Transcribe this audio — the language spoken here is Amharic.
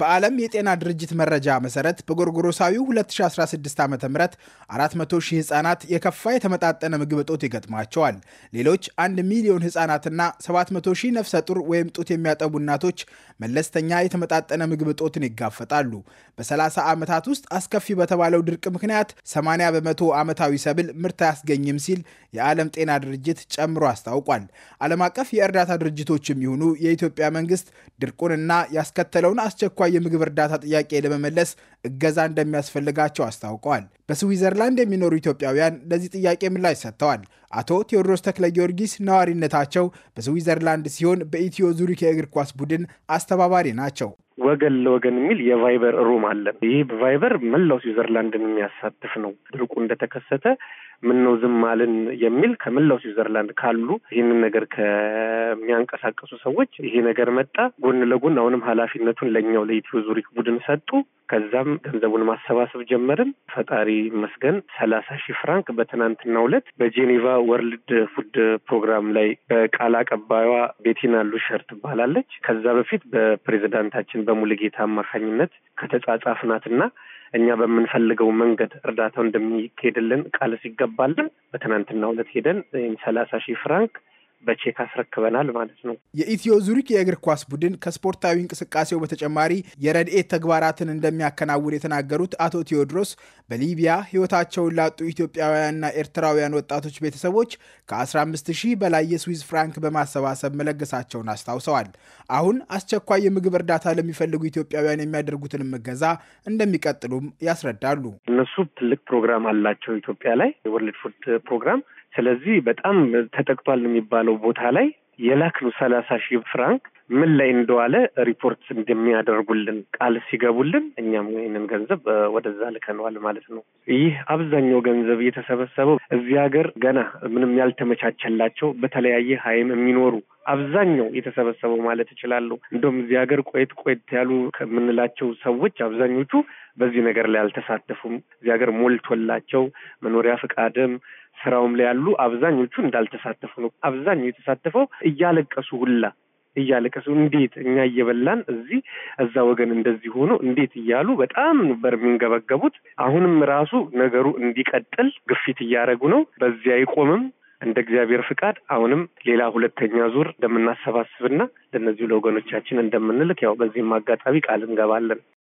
በዓለም የጤና ድርጅት መረጃ መሰረት በጎርጎሮሳዊው 2016 ዓ ም 400 ሺህ ሕፃናት የከፋ የተመጣጠነ ምግብ እጦት ይገጥማቸዋል። ሌሎች 1 ሚሊዮን ሕፃናትና 700 ሺህ ነፍሰ ጡር ወይም ጡት የሚያጠቡ እናቶች መለስተኛ የተመጣጠነ ምግብ እጦትን ይጋፈጣሉ። በ30 ዓመታት ውስጥ አስከፊ በተባለው ድርቅ ምክንያት 80 በመቶ ዓመታዊ ሰብል ምርት አያስገኝም ሲል የዓለም ጤና ድርጅት ጨምሮ አስታውቋል። ዓለም አቀፍ የእርዳታ ድርጅቶችም ይሁኑ የኢትዮጵያ መንግስት ድርቁንና ያስከተለውን አስቸኳ አስቸኳይ የምግብ እርዳታ ጥያቄ ለመመለስ እገዛ እንደሚያስፈልጋቸው አስታውቀዋል። በስዊዘርላንድ የሚኖሩ ኢትዮጵያውያን ለዚህ ጥያቄ ምላሽ ሰጥተዋል። አቶ ቴዎድሮስ ተክለ ጊዮርጊስ ነዋሪነታቸው በስዊዘርላንድ ሲሆን በኢትዮ ዙሪክ የእግር ኳስ ቡድን አስተባባሪ ናቸው። ወገን ለወገን የሚል የቫይበር ሩም አለ። ይህ ቫይበር መላው ስዊዘርላንድን የሚያሳትፍ ነው። ድርቁ እንደተከሰተ ነው ዝም አልን የሚል ከመላው ስዊዘርላንድ ካሉ ይህንን ነገር ከሚያንቀሳቀሱ ሰዎች ይሄ ነገር መጣ። ጎን ለጎን አሁንም ኃላፊነቱን ለእኛው ለኢትዮ ዙሪክ ቡድን ሰጡ። ከዛም ገንዘቡን ማሰባሰብ ጀመርን። ፈጣሪ መስገን ሰላሳ ሺህ ፍራንክ በትናንትናው ዕለት በጄኔቫ ወርልድ ፉድ ፕሮግራም ላይ በቃል አቀባዩዋ ቤቲና ሉሸር ትባላለች። ከዛ በፊት በፕሬዚዳንታችን በሙልጌታ አማካኝነት ከተጻጻፍናትና እኛ በምንፈልገው መንገድ እርዳታው እንደሚካሄድልን ቃል ሲገባልን በትናንትና ሁለት ሄደን ሰላሳ ሺህ ፍራንክ በቼክ አስረክበናል ማለት ነው። የኢትዮ ዙሪክ የእግር ኳስ ቡድን ከስፖርታዊ እንቅስቃሴው በተጨማሪ የረድኤት ተግባራትን እንደሚያከናውን የተናገሩት አቶ ቴዎድሮስ በሊቢያ ሕይወታቸውን ላጡ ኢትዮጵያውያንና ኤርትራውያን ወጣቶች ቤተሰቦች ከ15 ሺህ በላይ የስዊዝ ፍራንክ በማሰባሰብ መለገሳቸውን አስታውሰዋል። አሁን አስቸኳይ የምግብ እርዳታ ለሚፈልጉ ኢትዮጵያውያን የሚያደርጉትን እገዛ እንደሚቀጥሉም ያስረዳሉ። እነሱ ትልቅ ፕሮግራም አላቸው ኢትዮጵያ ላይ የወርልድ ፉድ ፕሮግራም ስለዚህ በጣም ተጠቅቷል የሚባለው ቦታ ላይ የላክ ነው ሰላሳ ሺህ ፍራንክ ምን ላይ እንደዋለ ሪፖርት እንደሚያደርጉልን ቃል ሲገቡልን እኛም ይህንን ገንዘብ ወደዛ ልከነዋል ማለት ነው። ይህ አብዛኛው ገንዘብ የተሰበሰበው እዚህ ሀገር ገና ምንም ያልተመቻቸላቸው በተለያየ ሀይም የሚኖሩ አብዛኛው የተሰበሰበው ማለት እችላለሁ። እንደውም እዚህ ሀገር ቆየት ቆየት ያሉ ከምንላቸው ሰዎች አብዛኞቹ በዚህ ነገር ላይ አልተሳተፉም። እዚህ ሀገር ሞልቶላቸው መኖሪያ ፈቃድም ስራውም ላይ ያሉ አብዛኞቹ እንዳልተሳተፉ ነው። አብዛኛው የተሳተፈው እያለቀሱ ሁላ እያለቀሱ እንዴት እኛ እየበላን እዚህ እዛ ወገን እንደዚህ ሆኖ እንዴት እያሉ በጣም ነበር የሚንገበገቡት። አሁንም ራሱ ነገሩ እንዲቀጥል ግፊት እያደረጉ ነው። በዚህ አይቆምም። እንደ እግዚአብሔር ፍቃድ አሁንም ሌላ ሁለተኛ ዙር እንደምናሰባስብና ለእነዚሁ ለወገኖቻችን እንደምንልክ ያው በዚህም አጋጣሚ ቃል እንገባለን።